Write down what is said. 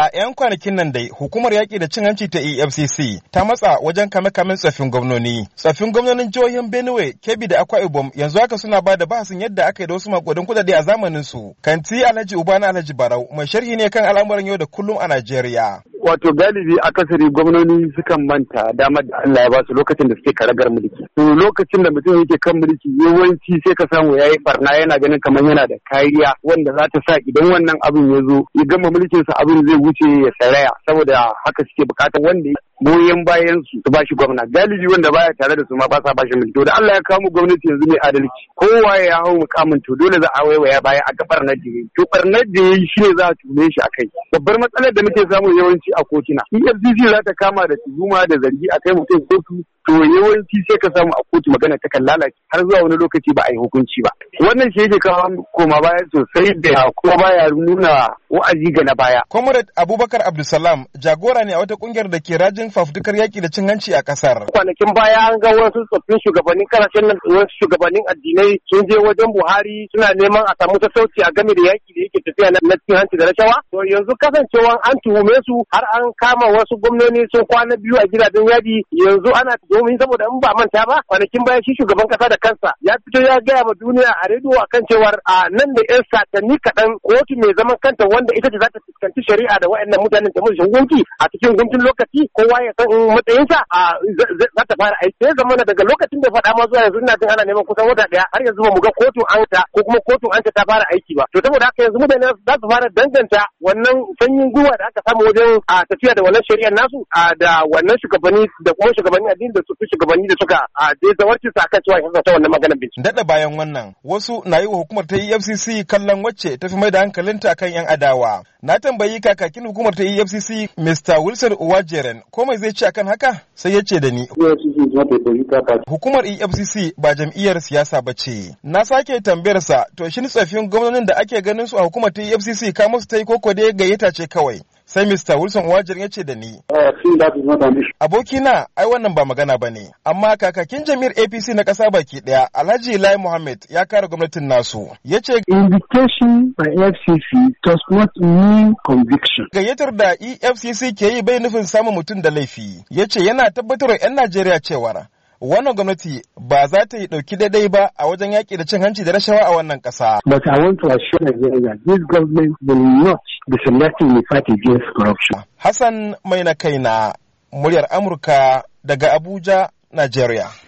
A 'yan kwanakin nan dai hukumar yaƙi da cin hanci ta EFCC ta matsa wajen kame-kamen tsaffin gwamnoni. Tsaffin gwamnonin jihohin Benue, Kebbi da Akwa Ibom yanzu haka suna ba da bahasin yadda aka yi da wasu makudan kudade a zamanin su. Kanti Alhaji Uba na Alhaji Barau mai sharhi ne kan al'amuran yau da kullum a Najeriya. wato galibi akasari gwamnoni sukan manta damar da Allah ya ba su lokacin da suke karagar mulki to lokacin da mutum yake kan mulki yawanci sai ka samu yayi barna yana ganin kamar yana da kariya wanda za ta sa idan wannan abin ya zo ya gama mulkin sa abin zai wuce ya saraya saboda haka suke bukatar wanda goyon bayan su su bashi gwamna galibi wanda baya tare da su ma ba sa bashi mulki to da Allah ya kawo gwamnati yanzu mai adalci kowa ya hau mukamin to dole za a waiwaya baya a gabar na da to barnar da yayi shine za a tume shi akai babbar matsalar da muke samu yawanci a kotuna EFCC za ta kama da tuhuma da zargi akai mutum kotu to yawanci sai ka samu a kotu magana ta kan lalace har zuwa wani lokaci ba a yi hukunci ba wannan shi yake kawo koma baya sosai da kuma baya nuna wa'azi ga na baya comrade abubakar abdulsalam jagora ne a wata kungiyar da ke rajin fafutukar yaki da cin hanci a kasar kwanakin baya an ga wasu tsoffin shugabannin kasashen nan wasu shugabannin addinai sun je wajen buhari suna neman a samu sassauci a game da yaki da yake tafiya na cin hanci da rashawa to yanzu kasancewa an tuhume su har an kama wasu gwamnoni sun kwana biyu a gidajen yadi yanzu ana komai saboda in ba manta ba kwanakin baya shi shugaban kasa da kansa ya fito ya gaya ma duniya a rediyo kan cewar a nan da yan satanni kaɗan kotu mai zaman kanta wanda ita ce za ta fuskanci shari'a da waɗannan mutanen ta musu hukunci a cikin guntun lokaci kowa ya san matsayinsa a za ta fara aiki sai zamana daga lokacin da faɗa ma zuwa yanzu ina jin ana neman kusan wata ɗaya har yanzu ba mu ga kotun an ta ko kuma kotun an ta ta fara aiki ba to saboda haka yanzu mutane za su fara danganta wannan sanyin gwiwa da aka samu wajen a tafiya da wannan shari'ar nasu da wannan shugabanni da kuma shugabanni addini da su shugabanni da suka a je zawarcin sa kan cewa ta wannan maganar bincike. Dada bayan wannan wasu na yi wa hukumar ta EFCC kallon wacce ta fi mai da hankalinta kan 'yan adawa. Na tambayi kakakin hukumar ta EFCC Mr. Wilson Uwajeren ko mai zai ce akan haka sai ya ce da ni. E hukumar EFCC ba jam'iyyar siyasa ba ce. Na sake tambayar sa, to shin tsaffin gwamnonin da ake ganin su a hukumar ta EFCC kama su ta yi koko dai gayyata ce kawai. sai Mista Wilson wajen ya ce da ni. Eh, Abokina, ai wannan ba magana ba ne, amma kakakin jami'ar APC na ƙasa baki ɗaya Alhaji Lai Mohammed ya kare gwamnatin nasu. Ya ce, Invitation by FCC does not mean conviction. Gayyatar da EFCC ke yi bai nufin samun mutum da laifi, ya ce yana tabbatar 'yan Najeriya cewar wannan gwamnati ba za ta yi ɗauki daidai ba a wajen yaƙi da cin hanci da rashawa a wannan ƙasa. But I want to assure Nigeria this government will not be selective in the fight against corruption. Hassan Mai na na muryar Amurka daga Abuja, Nigeria.